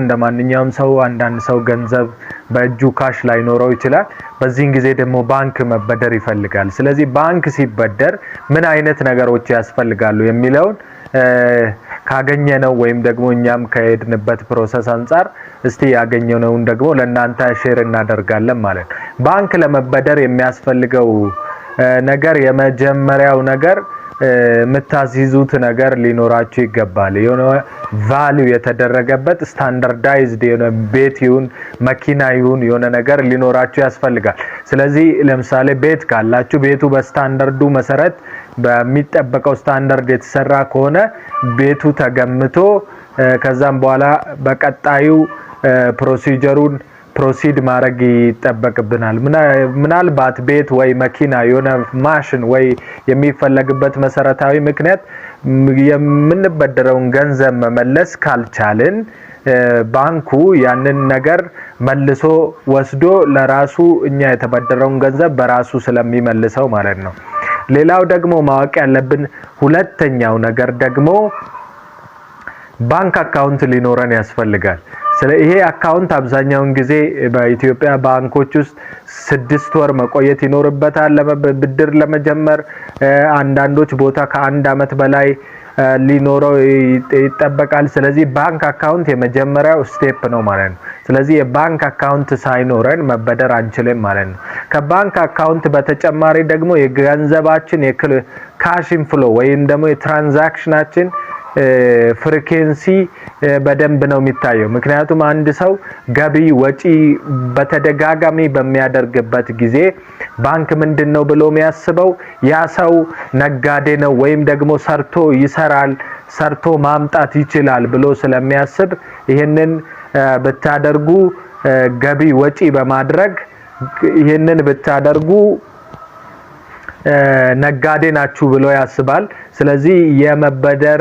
እንደ ማንኛውም ሰው አንዳንድ ሰው ገንዘብ በእጁ ካሽ ላይኖረው ይችላል። በዚህን ጊዜ ደግሞ ባንክ መበደር ይፈልጋል። ስለዚህ ባንክ ሲበደር ምን አይነት ነገሮች ያስፈልጋሉ የሚለውን ካገኘነው ወይም ደግሞ እኛም ከሄድንበት ፕሮሰስ አንጻር እስቲ ያገኘነውን ደግሞ ለእናንተ ሼር እናደርጋለን ማለት ነው። ባንክ ለመበደር የሚያስፈልገው ነገር የመጀመሪያው ነገር የምታስይዙት ነገር ሊኖራችሁ ይገባል። የሆነ ቫሊዩ የተደረገበት ስታንዳርዳይዝድ የሆነ ቤት ይሁን መኪና ይሁን የሆነ ነገር ሊኖራችሁ ያስፈልጋል። ስለዚህ ለምሳሌ ቤት ካላችሁ ቤቱ በስታንዳርዱ መሰረት በሚጠበቀው ስታንዳርድ የተሰራ ከሆነ ቤቱ ተገምቶ ከዛም በኋላ በቀጣዩ ፕሮሲጀሩን ፕሮሲድ ማድረግ ይጠበቅብናል። ምናልባት ቤት ወይ መኪና፣ የሆነ ማሽን ወይ የሚፈለግበት መሰረታዊ ምክንያት የምንበደረውን ገንዘብ መመለስ ካልቻልን ባንኩ ያንን ነገር መልሶ ወስዶ ለራሱ እኛ የተበደረውን ገንዘብ በራሱ ስለሚመልሰው ማለት ነው። ሌላው ደግሞ ማወቅ ያለብን ሁለተኛው ነገር ደግሞ ባንክ አካውንት ሊኖረን ያስፈልጋል። ስለ ይሄ አካውንት አብዛኛውን ጊዜ በኢትዮጵያ ባንኮች ውስጥ ስድስት ወር መቆየት ይኖርበታል ብድር ለመጀመር። አንዳንዶች ቦታ ከአንድ አመት በላይ ሊኖረው ይጠበቃል። ስለዚህ ባንክ አካውንት የመጀመሪያው ስቴፕ ነው ማለት ነው። ስለዚህ የባንክ አካውንት ሳይኖረን መበደር አንችልም ማለት ነው። ከባንክ አካውንት በተጨማሪ ደግሞ የገንዘባችን የካሽ ኢንፍሎ ወይም ደግሞ የትራንዛክሽናችን ፍሪኬንሲ በደንብ ነው የሚታየው። ምክንያቱም አንድ ሰው ገቢ ወጪ በተደጋጋሚ በሚያደርግበት ጊዜ ባንክ ምንድን ነው ብሎ የሚያስበው ያ ሰው ነጋዴ ነው ወይም ደግሞ ሰርቶ ይሰራል፣ ሰርቶ ማምጣት ይችላል ብሎ ስለሚያስብ ይህንን ብታደርጉ ገቢ ወጪ በማድረግ ይህንን ብታደርጉ ነጋዴ ናችሁ ብሎ ያስባል። ስለዚህ የመበደር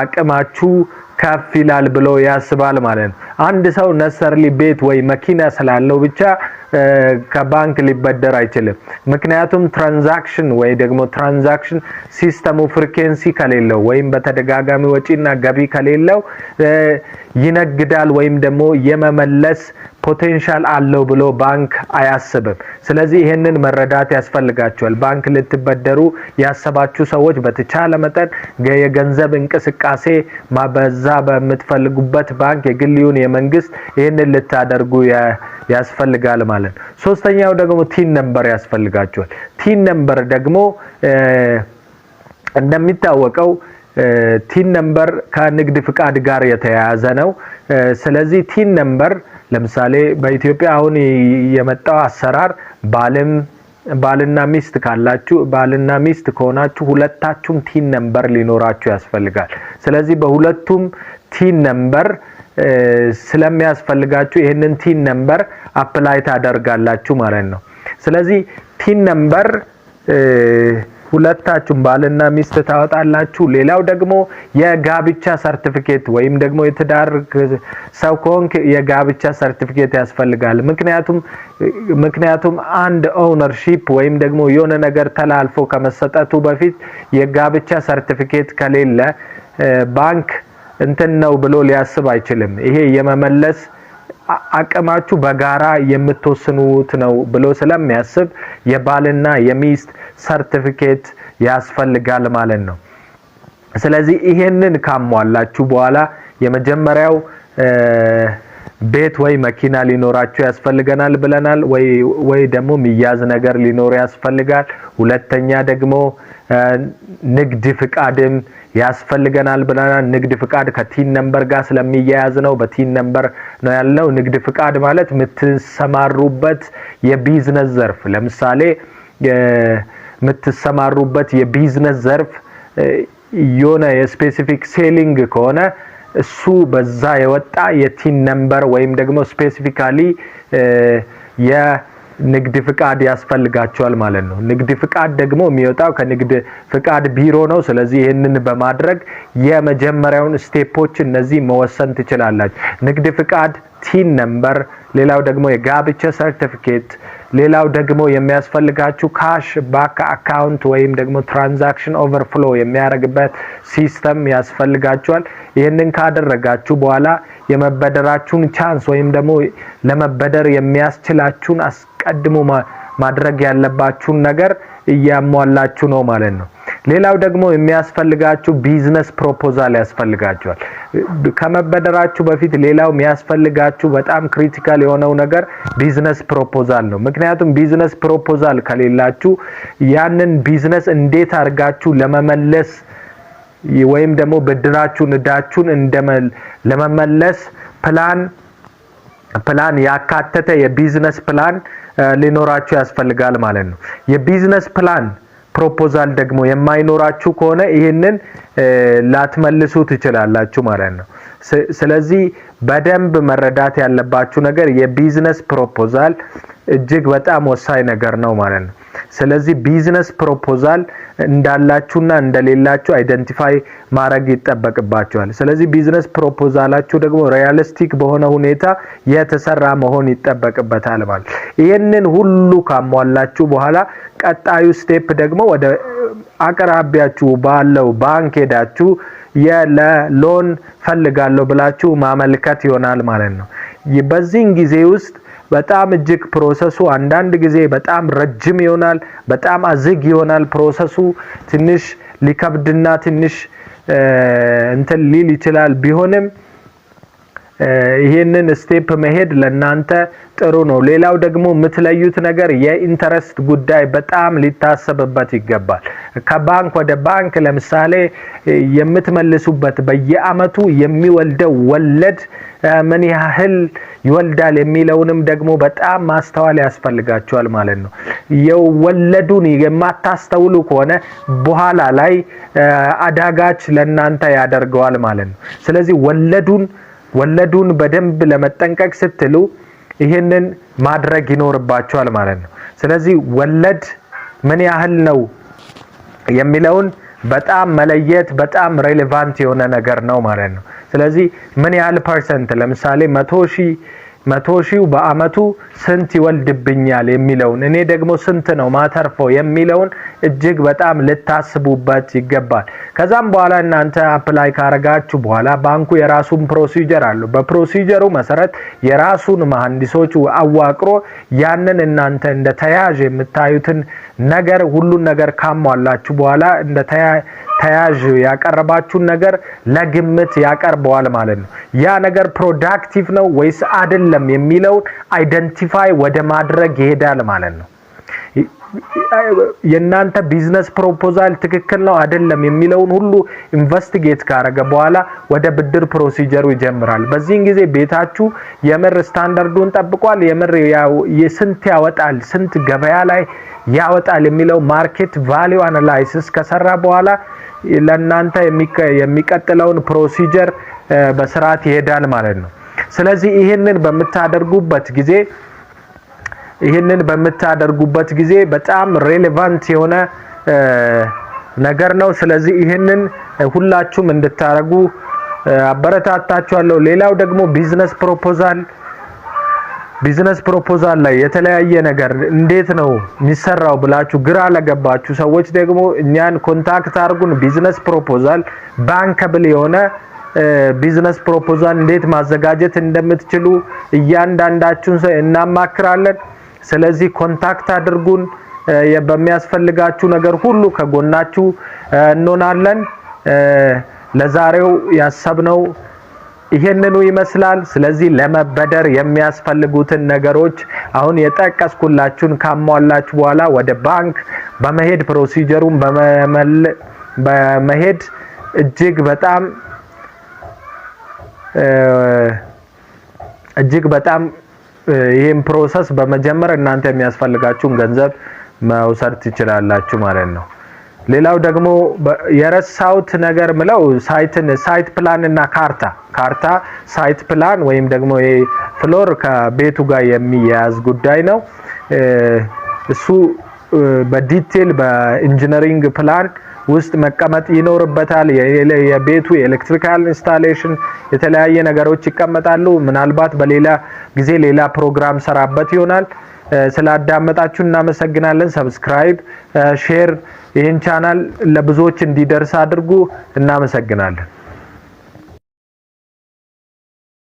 አቅማችሁ ከፍ ይላል ብሎ ያስባል ማለት ነው። አንድ ሰው ነሰርሊ ቤት ወይ መኪና ስላለው ብቻ ከባንክ ሊበደር አይችልም። ምክንያቱም ትራንዛክሽን ወይ ደግሞ ትራንዛክሽን ሲስተሙ ፍሪኬንሲ ከሌለው ወይም በተደጋጋሚ ወጪና ገቢ ከሌለው ይነግዳል ወይም ደግሞ የመመለስ ፖቴንሻል አለው ብሎ ባንክ አያስብም። ስለዚህ ይህንን መረዳት ያስፈልጋቸዋል። ባንክ ልትበደሩ ያሰባችሁ ሰዎች በተቻለ መጠን የገንዘብ እንቅስቃሴ በዛ በምትፈልጉበት ባንክ የግልዩን መንግስት ይህንን ልታደርጉ ያስፈልጋል ማለት ነው። ሶስተኛው ደግሞ ቲን ነምበር ያስፈልጋቸዋል። ቲን ነምበር ደግሞ እንደሚታወቀው ቲን ነምበር ከንግድ ፍቃድ ጋር የተያያዘ ነው። ስለዚህ ቲን ነምበር ለምሳሌ በኢትዮጵያ አሁን የመጣው አሰራር ባልም ባልና ሚስት ካላችሁ ባልና ሚስት ከሆናችሁ ሁለታችሁም ቲን ነምበር ሊኖራችሁ ያስፈልጋል። ስለዚህ በሁለቱም ቲን ነምበር ስለሚያስፈልጋችሁ ይህንን ቲን ነምበር አፕላይ ታደርጋላችሁ ማለት ነው። ስለዚህ ቲን ነምበር ሁለታችሁም ባልና ሚስት ታወጣላችሁ። ሌላው ደግሞ የጋብቻ ሰርቲፊኬት ወይም ደግሞ የትዳር ሰው ከሆንክ የጋብቻ ሰርቲፊኬት ያስፈልጋል። ምክንያቱም ምክንያቱም አንድ ኦውነርሺፕ ወይም ደግሞ የሆነ ነገር ተላልፎ ከመሰጠቱ በፊት የጋብቻ ሰርቲፊኬት ከሌለ ባንክ እንትን ነው ብሎ ሊያስብ አይችልም። ይሄ የመመለስ አቅማችሁ በጋራ የምትወስኑት ነው ብሎ ስለሚያስብ የባልና የሚስት ሰርቲፊኬት ያስፈልጋል ማለት ነው። ስለዚህ ይሄንን ካሟላችሁ በኋላ የመጀመሪያው ቤት ወይ መኪና ሊኖራቸው ያስፈልገናል ብለናል። ወይ ደግሞ ሚያዝ ነገር ሊኖር ያስፈልጋል። ሁለተኛ ደግሞ ንግድ ፍቃድም ያስፈልገናል ብለናል። ንግድ ፍቃድ ከቲን ነምበር ጋር ስለሚያያዝ ነው። በቲን ነምበር ነው ያለው። ንግድ ፍቃድ ማለት የምትሰማሩበት የቢዝነስ ዘርፍ ለምሳሌ የምትሰማሩበት የቢዝነስ ዘርፍ የሆነ የስፔሲፊክ ሴሊንግ ከሆነ እሱ በዛ የወጣ የቲን ነምበር ወይም ደግሞ ስፔሲፊካሊ የንግድ ፍቃድ ያስፈልጋቸዋል ማለት ነው። ንግድ ፍቃድ ደግሞ የሚወጣው ከንግድ ፍቃድ ቢሮ ነው። ስለዚህ ይህንን በማድረግ የመጀመሪያውን ስቴፖች እነዚህ መወሰን ትችላላችሁ። ንግድ ፍቃድ፣ ቲን ነምበር፣ ሌላው ደግሞ የጋብቻ ሰርቲፊኬት ሌላው ደግሞ የሚያስፈልጋችሁ ካሽ ባክ አካውንት ወይም ደግሞ ትራንዛክሽን ኦቨርፍሎ የሚያደርግበት ሲስተም ያስፈልጋችኋል። ይህንን ካደረጋችሁ በኋላ የመበደራችሁን ቻንስ ወይም ደግሞ ለመበደር የሚያስችላችሁን አስቀድሞ ማድረግ ያለባችሁን ነገር እያሟላችሁ ነው ማለት ነው። ሌላው ደግሞ የሚያስፈልጋችሁ ቢዝነስ ፕሮፖዛል ያስፈልጋችኋል። ከመበደራችሁ በፊት ሌላው የሚያስፈልጋችሁ በጣም ክሪቲካል የሆነው ነገር ቢዝነስ ፕሮፖዛል ነው። ምክንያቱም ቢዝነስ ፕሮፖዛል ከሌላችሁ ያንን ቢዝነስ እንዴት አድርጋችሁ ለመመለስ ወይም ደግሞ ብድራችሁን እዳችሁን ለመመለስ ፕላን ፕላን ያካተተ የቢዝነስ ፕላን ሊኖራችሁ ያስፈልጋል ማለት ነው። የቢዝነስ ፕላን ፕሮፖዛል ደግሞ የማይኖራችሁ ከሆነ ይህንን ላትመልሱ ትችላላችሁ ማለት ነው። ስለዚህ በደንብ መረዳት ያለባችሁ ነገር የቢዝነስ ፕሮፖዛል እጅግ በጣም ወሳኝ ነገር ነው ማለት ነው። ስለዚህ ቢዝነስ ፕሮፖዛል እንዳላችሁና እንደሌላችሁ አይደንቲፋይ ማድረግ ይጠበቅባችኋል። ስለዚህ ቢዝነስ ፕሮፖዛላችሁ ደግሞ ሪያሊስቲክ በሆነ ሁኔታ የተሰራ መሆን ይጠበቅበታል ማለት ይህንን ሁሉ ካሟላችሁ በኋላ ቀጣዩ ስቴፕ ደግሞ ወደ አቅራቢያችሁ ባለው ባንክ ሄዳችሁ የለሎን ፈልጋለሁ ብላችሁ ማመልከት ይሆናል ማለት ነው። በዚህን ጊዜ ውስጥ በጣም እጅግ ፕሮሰሱ አንዳንድ ጊዜ በጣም ረጅም ይሆናል፣ በጣም አዝግ ይሆናል። ፕሮሰሱ ትንሽ ሊከብድና ትንሽ እንትን ሊል ይችላል ቢሆንም ይህንን ስቴፕ መሄድ ለእናንተ ጥሩ ነው። ሌላው ደግሞ የምትለዩት ነገር የኢንተረስት ጉዳይ በጣም ሊታሰብበት ይገባል። ከባንክ ወደ ባንክ ለምሳሌ የምትመልሱበት በየአመቱ የሚወልደው ወለድ ምን ያህል ይወልዳል የሚለውንም ደግሞ በጣም ማስተዋል ያስፈልጋቸዋል ማለት ነው። የወለዱን የማታስተውሉ ከሆነ በኋላ ላይ አዳጋች ለእናንተ ያደርገዋል ማለት ነው። ስለዚህ ወለዱን ወለዱን በደንብ ለመጠንቀቅ ስትሉ ይህንን ማድረግ ይኖርባቸዋል ማለት ነው። ስለዚህ ወለድ ምን ያህል ነው የሚለውን በጣም መለየት በጣም ሬሌቫንት የሆነ ነገር ነው ማለት ነው። ስለዚህ ምን ያህል ፐርሰንት ለምሳሌ መቶ ሺህ መቶ ሺው በአመቱ ስንት ይወልድብኛል የሚለውን እኔ ደግሞ ስንት ነው ማተርፈው የሚለውን እጅግ በጣም ልታስቡበት ይገባል። ከዛም በኋላ እናንተ አፕላይ ካረጋችሁ በኋላ ባንኩ የራሱን ፕሮሲጀር አለው። በፕሮሲጀሩ መሰረት የራሱን መሀንዲሶች አዋቅሮ ያንን እናንተ እንደ ተያዥ የምታዩትን ነገር ሁሉን ነገር ካሟላችሁ በኋላ እንደ ተያዥ ያቀረባችሁን ነገር ለግምት ያቀርበዋል ማለት ነው። ያ ነገር ፕሮዳክቲቭ ነው ወይስ አይደለም የሚለውን አይደንቲፋይ ወደ ማድረግ ይሄዳል ማለት ነው። የእናንተ ቢዝነስ ፕሮፖዛል ትክክል ነው አይደለም የሚለውን ሁሉ ኢንቨስቲጌት ካረገ በኋላ ወደ ብድር ፕሮሲጀሩ ይጀምራል። በዚህን ጊዜ ቤታችሁ የምር ስታንዳርዱን ጠብቋል፣ የምር ስንት ያወጣል፣ ስንት ገበያ ላይ ያወጣል የሚለው ማርኬት ቫሊዩ አናላይሲስ ከሰራ በኋላ ለእናንተ የሚቀጥለውን ፕሮሲጀር በስርዓት ይሄዳል ማለት ነው። ስለዚህ ይህንን በምታደርጉበት ጊዜ ይህንን በምታደርጉበት ጊዜ በጣም ሬሌቫንት የሆነ ነገር ነው። ስለዚህ ይህንን ሁላችሁም እንድታረጉ አበረታታችኋለሁ። ሌላው ደግሞ ቢዝነስ ፕሮፖዛል ቢዝነስ ፕሮፖዛል ላይ የተለያየ ነገር እንዴት ነው የሚሰራው ብላችሁ ግራ ለገባችሁ ሰዎች ደግሞ እኛን ኮንታክት አድርጉን። ቢዝነስ ፕሮፖዛል ባንከብል የሆነ ቢዝነስ ፕሮፖዛል እንዴት ማዘጋጀት እንደምትችሉ እያንዳንዳችሁን እናማክራለን። ስለዚህ ኮንታክት አድርጉን። በሚያስፈልጋችሁ ነገር ሁሉ ከጎናችሁ እንሆናለን። ለዛሬው ያሰብነው ይህንኑ ይመስላል። ስለዚህ ለመበደር የሚያስፈልጉትን ነገሮች አሁን የጠቀስኩላችሁን ካሟላችሁ በኋላ ወደ ባንክ በመሄድ ፕሮሲጀሩን በመሄድ እጅግ በጣም እጅግ በጣም ይህን ፕሮሰስ በመጀመር እናንተ የሚያስፈልጋችሁን ገንዘብ መውሰድ ትችላላችሁ ማለት ነው። ሌላው ደግሞ የረሳውት ነገር ምለው ሳይትን ሳይት ፕላን እና ካርታ ካርታ ሳይት ፕላን ወይም ደግሞ ፍሎር ከቤቱ ጋር የሚያያዝ ጉዳይ ነው። እሱ በዲቴል በኢንጂነሪንግ ፕላን ውስጥ መቀመጥ ይኖርበታል። የቤቱ የኤሌክትሪካል ኢንስታሌሽን የተለያየ ነገሮች ይቀመጣሉ። ምናልባት በሌላ ጊዜ ሌላ ፕሮግራም ሰራበት ይሆናል። ስላዳመጣችሁ እናመሰግናለን። ሰብስክራይብ፣ ሼር ይህን ቻናል ለብዙዎች እንዲደርስ አድርጉ። እናመሰግናለን።